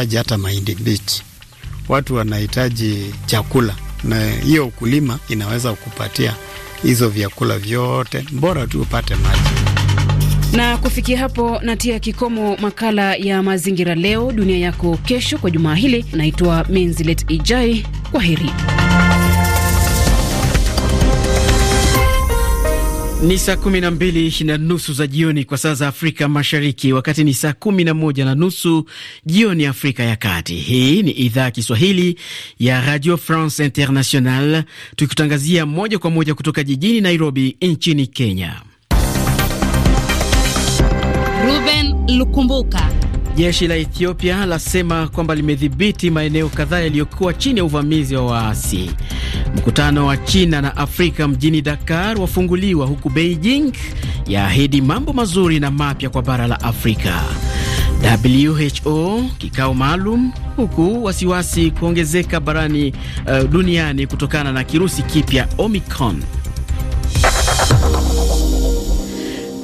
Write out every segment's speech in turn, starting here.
wanahitaji hata mahindi bichi, watu wanahitaji chakula, na hiyo ukulima inaweza kupatia hizo vyakula vyote, bora tu upate maji na kufikia hapo natia kikomo makala ya mazingira leo dunia yako kesho kwa jumaa hili. Naitwa Menzilet Ijai, kwa heri. Ni saa kumi na mbili na nusu za jioni kwa saa za Afrika Mashariki, wakati ni saa kumi na moja na nusu jioni Afrika ya Kati. Hii ni idhaa ya Kiswahili ya Radio France International, tukikutangazia moja kwa moja kutoka jijini Nairobi nchini Kenya. Ruben Lukumbuka. Jeshi la Ethiopia lasema kwamba limedhibiti maeneo kadhaa yaliyokuwa chini ya uvamizi wa waasi. Mkutano wa China na Afrika mjini Dakar wafunguliwa huku Beijing yaahidi mambo mazuri na mapya kwa bara la Afrika. WHO kikao maalum huku wasiwasi kuongezeka barani uh, duniani kutokana na kirusi kipya Omicron.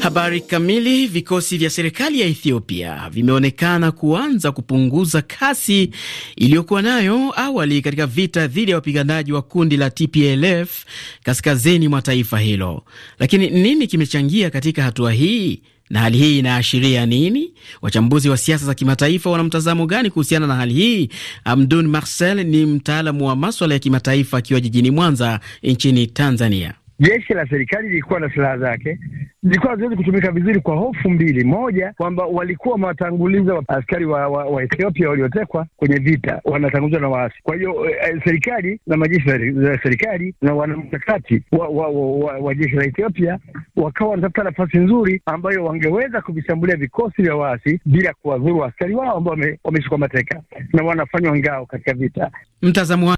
Habari kamili. Vikosi vya serikali ya Ethiopia vimeonekana kuanza kupunguza kasi iliyokuwa nayo awali katika vita dhidi ya wapiganaji wa kundi la TPLF kaskazini mwa taifa hilo. Lakini nini kimechangia katika hatua hii na hali hii inaashiria nini? Wachambuzi wa siasa za kimataifa wana mtazamo gani kuhusiana na hali hii? Amdun Marcel ni mtaalamu wa maswala ya kimataifa akiwa jijini Mwanza nchini Tanzania jeshi la serikali lilikuwa na silaha zake, zilikuwa haziwezi kutumika vizuri kwa hofu mbili. Moja, kwamba walikuwa wamewatanguliza wa askari wa, wa, wa Ethiopia waliotekwa kwenye vita, wanatangulizwa na waasi. Kwa hiyo eh, eh serikali na majeshi ya serikali na wanamkakati wa, wa, wa, wa, wa jeshi la Ethiopia wakawa wanatafuta nafasi nzuri ambayo wangeweza kuvishambulia vikosi vya waasi bila kuwadhuru askari wao ambao wameshikwa mateka na wanafanywa ngao katika vita. Mtazamo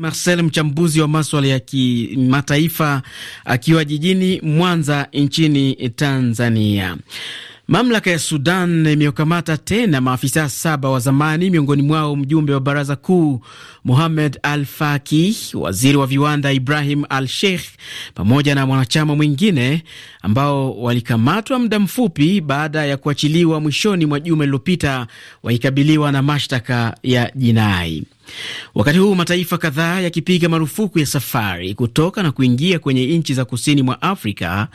Marcel, mchambuzi wa maswala ya kimataifa akiwa jijini Mwanza nchini Tanzania. Mamlaka ya Sudan imeokamata tena maafisa saba wa zamani, miongoni mwao mjumbe wa baraza kuu Mohamed Al Faki, waziri wa viwanda Ibrahim Al Sheikh pamoja na mwanachama mwingine ambao walikamatwa muda mfupi baada ya kuachiliwa mwishoni mwa juma lililopita, wakikabiliwa na mashtaka ya jinai. Wakati huu mataifa kadhaa yakipiga marufuku ya safari kutoka na kuingia kwenye nchi za kusini mwa Afrika,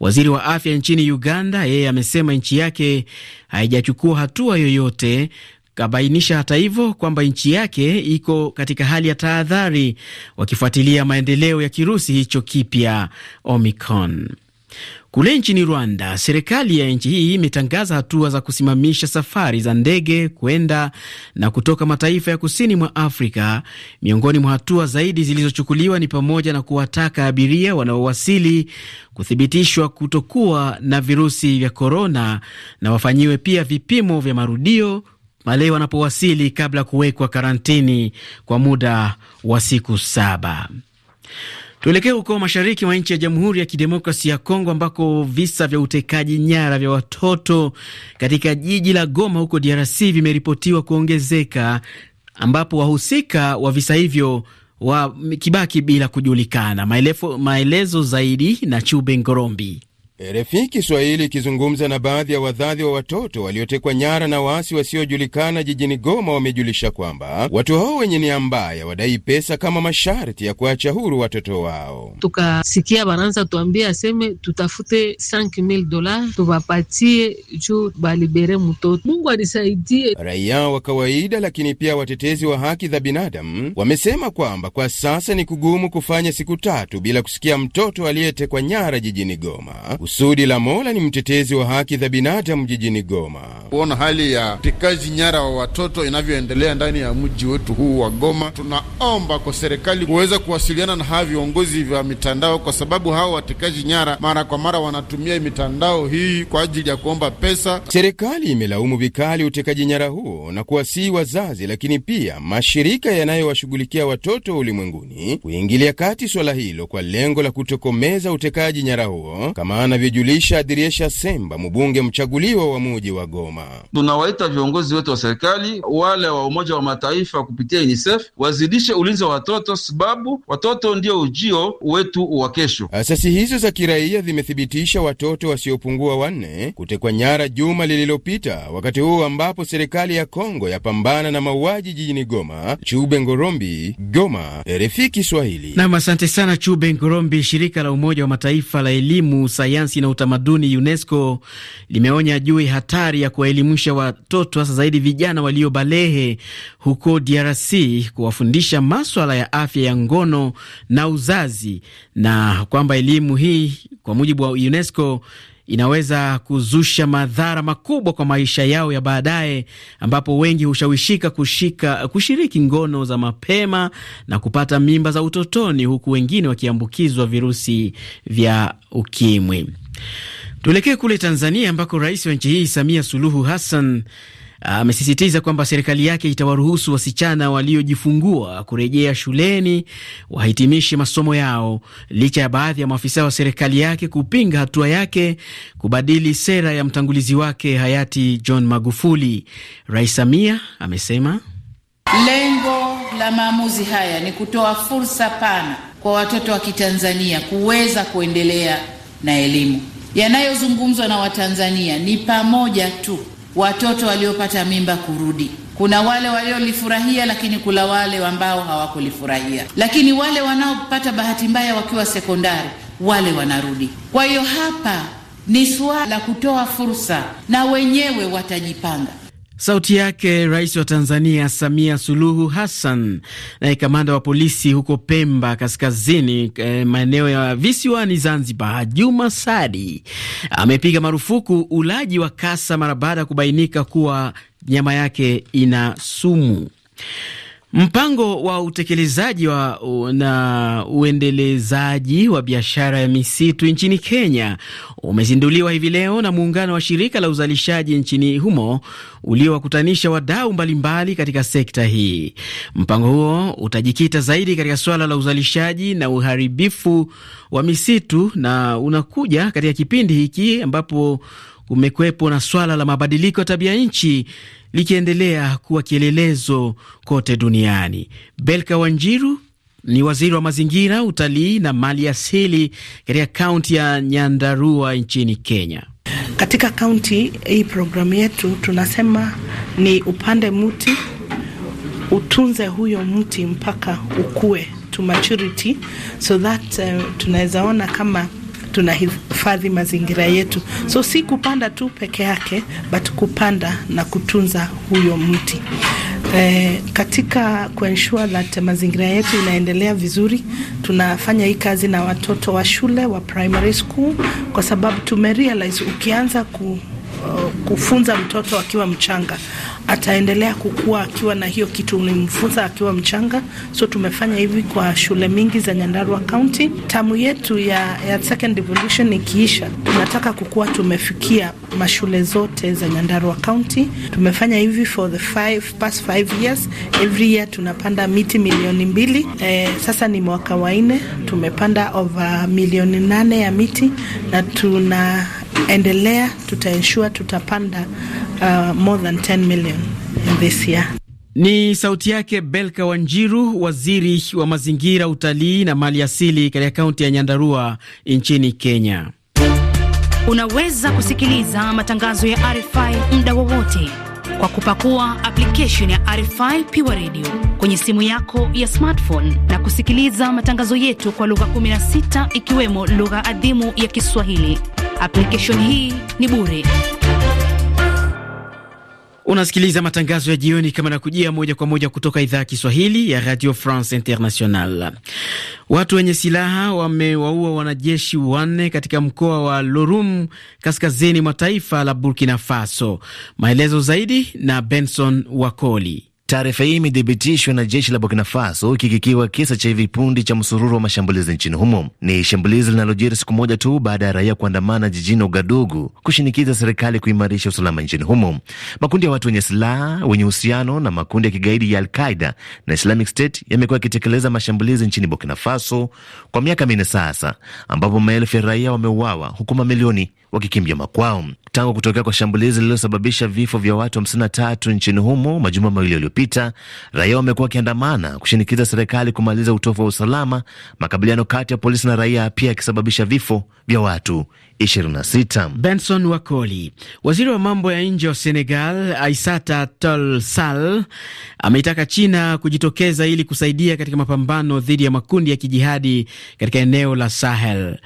waziri wa afya nchini Uganda yeye amesema nchi yake haijachukua hatua yoyote. Kabainisha hata hivyo kwamba nchi yake iko katika hali ya tahadhari, wakifuatilia maendeleo ya kirusi hicho kipya Omicron. Kule nchini Rwanda, serikali ya nchi hii imetangaza hatua za kusimamisha safari za ndege kwenda na kutoka mataifa ya kusini mwa Afrika. Miongoni mwa hatua zaidi zilizochukuliwa ni pamoja na kuwataka abiria wanaowasili kuthibitishwa kutokuwa na virusi vya korona na wafanyiwe pia vipimo vya marudio pale wanapowasili kabla kuwekwa karantini kwa muda wa siku saba. Tuelekee huko mashariki mwa nchi ya Jamhuri ya Kidemokrasi ya Kongo ambako visa vya utekaji nyara vya watoto katika jiji la Goma huko DRC vimeripotiwa kuongezeka ambapo wahusika wa visa hivyo wa kibaki bila kujulikana. Maelezo zaidi na Chube Ngorombi. Eh, RFI Kiswahili ikizungumza na baadhi ya wadhadhi wa watoto waliotekwa nyara na waasi wasiojulikana jijini Goma wamejulisha kwamba watu hao wenye nia mbaya wadai pesa kama masharti ya kuacha huru watoto wao. Tukasikia bananza tuambie aseme tutafute 5000 dola tuwapatie juu balibere mtoto. Mungu anisaidie. Raia wa kawaida lakini pia watetezi wa haki za binadamu wamesema kwamba kwa sasa ni kugumu kufanya siku tatu bila kusikia mtoto aliyetekwa nyara jijini Goma. Kusudi la Mola ni mtetezi wa haki za binadamu jijini Goma. Kuona hali ya tikaji nyara wa watoto inavyoendelea ndani ya mji wetu huu wa Goma, tunaomba kwa serikali kuweza kuwasiliana na hawa viongozi vya mitandao, kwa sababu hawa watekaji nyara mara kwa mara wanatumia mitandao hii kwa ajili ya kuomba pesa. Serikali imelaumu vikali utekaji nyara huo na kuwasii wazazi, lakini pia mashirika yanayowashughulikia watoto ulimwenguni kuingilia kati swala hilo kwa lengo la kutokomeza utekaji nyara huo kama anavyojulisha Dirisha Semba, mbunge mchaguliwa wa muji wa Goma. Tunawaita viongozi wetu wa serikali wale wa Umoja wa Mataifa kupitia UNICEF wazidishe ulinzi wa watoto, sababu watoto ndio ujio wetu wa kesho. Asasi hizo za kiraia zimethibitisha watoto wasiopungua wanne kutekwa nyara juma lililopita, wakati huu ambapo serikali ya Kongo yapambana na mauaji jijini Goma. Chube Ngorombi, Goma, RFI Kiswahili. Nam, asante sana Chube Ngorombi. Shirika la Umoja wa Mataifa la elimu sayansi sayansi na utamaduni UNESCO limeonya juu ya hatari ya kuwaelimisha watoto hasa zaidi vijana waliobalehe huko DRC kuwafundisha maswala ya afya ya ngono na uzazi, na kwamba elimu hii kwa mujibu wa UNESCO inaweza kuzusha madhara makubwa kwa maisha yao ya baadaye, ambapo wengi hushawishika kushika, kushiriki ngono za mapema na kupata mimba za utotoni, huku wengine wakiambukizwa virusi vya ukimwi. Tuelekee kule Tanzania ambako rais wa nchi hii Samia Suluhu Hassan amesisitiza kwamba serikali yake itawaruhusu wasichana waliojifungua kurejea shuleni wahitimishe masomo yao, licha ya baadhi ya maafisa wa serikali yake kupinga hatua yake kubadili sera ya mtangulizi wake hayati John Magufuli. Rais Samia amesema lengo la maamuzi haya ni kutoa fursa pana kwa watoto wa Kitanzania kuweza kuendelea na elimu. Yanayozungumzwa na Watanzania ni pamoja tu watoto waliopata mimba kurudi. Kuna wale waliolifurahia, lakini kuna wale ambao hawakulifurahia. Lakini wale wanaopata bahati mbaya wakiwa sekondari, wale wanarudi. Kwa hiyo hapa ni suala la kutoa fursa, na wenyewe watajipanga. Sauti yake rais wa Tanzania Samia Suluhu Hassan. Naye kamanda wa polisi huko Pemba Kaskazini, eh, maeneo ya visiwani Zanzibar, Juma Sadi amepiga marufuku ulaji wa kasa mara baada ya kubainika kuwa nyama yake ina sumu. Mpango wa utekelezaji wa na uendelezaji wa biashara ya misitu nchini Kenya umezinduliwa hivi leo na muungano wa shirika la uzalishaji nchini humo uliowakutanisha wadau mbalimbali katika sekta hii. Mpango huo utajikita zaidi katika suala la uzalishaji na uharibifu wa misitu na unakuja katika kipindi hiki ambapo umekuwepo na swala la mabadiliko ya tabia nchi likiendelea kuwa kielelezo kote duniani. Belka Wanjiru ni waziri wa mazingira, utalii na mali asili katika kaunti ya Nyandarua nchini Kenya. Katika kaunti hii, programu yetu tunasema ni upande mti, utunze huyo mti mpaka ukue to maturity so that uh, eh, tunaweza ona kama tunahifadhi mazingira yetu. So si kupanda tu peke yake, but kupanda na kutunza huyo mti. Eh, katika kuensure that mazingira yetu inaendelea vizuri, tunafanya hii kazi na watoto wa shule wa primary school, kwa sababu tumerealize ukianza ku, uh, kufunza mtoto akiwa mchanga ataendelea kukua akiwa na hiyo kitu ulimfunza akiwa mchanga. So tumefanya hivi kwa shule mingi za Nyandarua County. Tamu yetu ya, ya second evolution ikiisha, tunataka kukua tumefikia mashule zote za Nyandarua County. Tumefanya hivi for the five, past five years. Every year tunapanda miti milioni mbili. Eh, sasa ni mwaka wa nne tumepanda over milioni nane ya miti na tuna endelea, tutaensure tutapanda uh, more than 10 million in this year. Ni sauti yake Belka Wanjiru, waziri wa mazingira, utalii na mali asili katika kaunti ya Nyandarua nchini Kenya. Unaweza kusikiliza matangazo ya RFI muda wowote kwa kupakua application ya RFI Pure Radio kwenye simu yako ya smartphone na kusikiliza matangazo yetu kwa lugha 16 ikiwemo lugha adhimu ya Kiswahili. Application hii ni bure. Unasikiliza matangazo ya jioni kama nakujia moja kwa moja kutoka idhaa ya Kiswahili ya Radio France International. Watu wenye silaha wamewaua wanajeshi wanne katika mkoa wa Lorum kaskazini mwa taifa la Burkina Faso. Maelezo zaidi na Benson Wakoli. Taarifa hii imethibitishwa na jeshi la Burkina Faso, ikikikiwa kisa cha hivi punde cha msururu wa mashambulizi nchini humo. Ni shambulizi linalojiri siku moja tu baada ya raia kuandamana jijini Ugadugu kushinikiza serikali kuimarisha usalama nchini humo. Makundi ya watu wenye silaha wenye uhusiano na makundi ya kigaidi ya alqaida na Islamic State yamekuwa yakitekeleza mashambulizi nchini Burkina Faso kwa miaka minne sasa, ambapo maelfu ya raia wameuawa huku mamilioni wakikimbia makwao tangu kutokea kwa shambulizi lililosababisha vifo vya watu 53 nchini humo majuma mawili yaliyopita. Raia wamekuwa wakiandamana kushinikiza serikali kumaliza utofu wa usalama, makabiliano kati ya polisi na raia pia yakisababisha vifo vya watu 26. Benson Wakoli, waziri wa mambo ya nje wa Senegal, Aissata Tall Sall, ameitaka China kujitokeza ili kusaidia katika mapambano dhidi ya makundi ya kijihadi katika eneo la Sahel.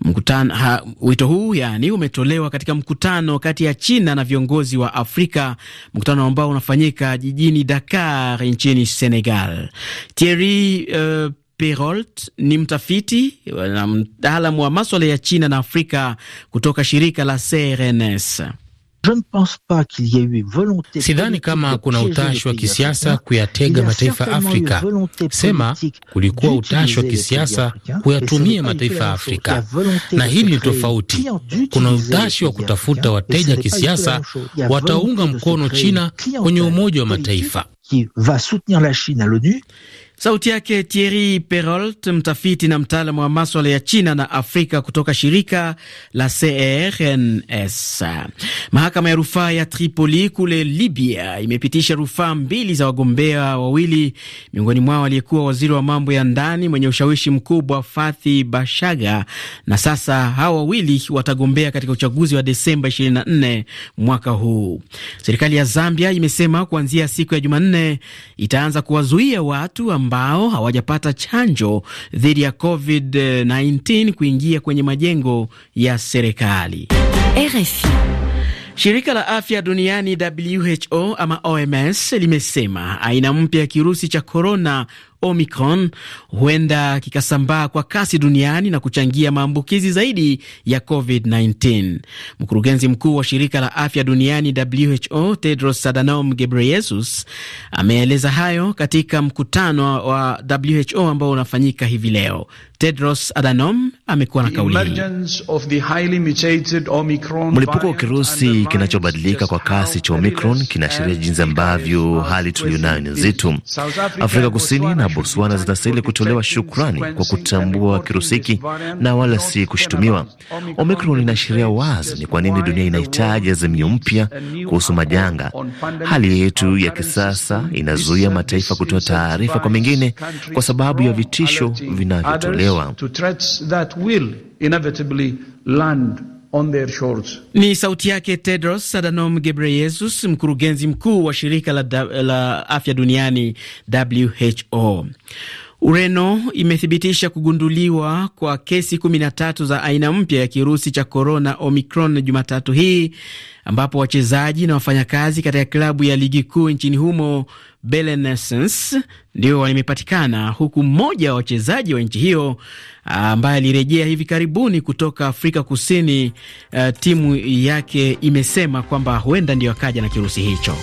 Mkutano, ha, wito huu yani umetolewa katika mkutano kati ya China na viongozi wa Afrika, mkutano ambao unafanyika jijini Dakar nchini Senegal. Thierry, uh, Perolt ni mtafiti na mtaalamu wa maswala ya China na Afrika kutoka shirika la CRNS. Sidhani kama kuna utashi wa kisiasa kuyatega mataifa ya Afrika. Sema kulikuwa utashi wa kisiasa kuyatumia mataifa ya Afrika, na hili ni tofauti. Kuna utashi wa kutafuta wateja kisiasa wataunga mkono China kwenye Umoja wa Mataifa. Sauti yake Thierry Perolt, mtafiti na mtaalamu wa maswala ya China na Afrika kutoka shirika la crns Mahakama ya rufaa ya Tripoli kule Libya imepitisha rufaa mbili za wagombea wawili, miongoni mwao aliyekuwa waziri wa mambo ya ndani mwenye ushawishi mkubwa Fathi Bashaga, na sasa hawa wawili watagombea katika uchaguzi wa Desemba 24 mwaka huu. Serikali ya Zambia imesema kuanzia siku ya Jumanne itaanza kuwazuia watu ambao hawajapata chanjo dhidi ya COVID-19 kuingia kwenye majengo ya serikali. RFI. Shirika la afya duniani WHO ama OMS limesema aina mpya ya kirusi cha korona Omicron huenda kikasambaa kwa kasi duniani na kuchangia maambukizi zaidi ya COVID-19. Mkurugenzi mkuu wa shirika la afya duniani WHO Tedros Adhanom Ghebreyesus ameeleza hayo katika mkutano wa WHO ambao unafanyika hivi leo. Tedros Adhanom amekuwa na kauli mlipuko wa kirusi kinachobadilika kwa kasi cha Omicron kinaashiria jinsi ambavyo hali tuliyonayo ni nzito. Afrika Kusini na na Botswana zinastahili kutolewa shukrani kwa kutambua kirusiki na wala si kushutumiwa. Omicron inaashiria wazi ni kwa nini dunia inahitaji azimio mpya kuhusu majanga. Hali yetu ya kisasa inazuia mataifa kutoa taarifa kwa mengine kwa sababu ya vitisho vinavyotolewa. On their shores. Ni sauti yake Tedros Adhanom Ghebreyesus mkurugenzi mkuu wa shirika la, la afya duniani WHO. Ureno imethibitisha kugunduliwa kwa kesi 13 za aina mpya ya kirusi cha korona Omicron Jumatatu hii ambapo wachezaji na wafanyakazi katika klabu ya ligi kuu nchini humo Belenenses ndio wamepatikana, huku mmoja wa wachezaji wa nchi hiyo ah, ambaye alirejea hivi karibuni kutoka Afrika Kusini, uh, timu yake imesema kwamba huenda ndio akaja na kirusi hicho.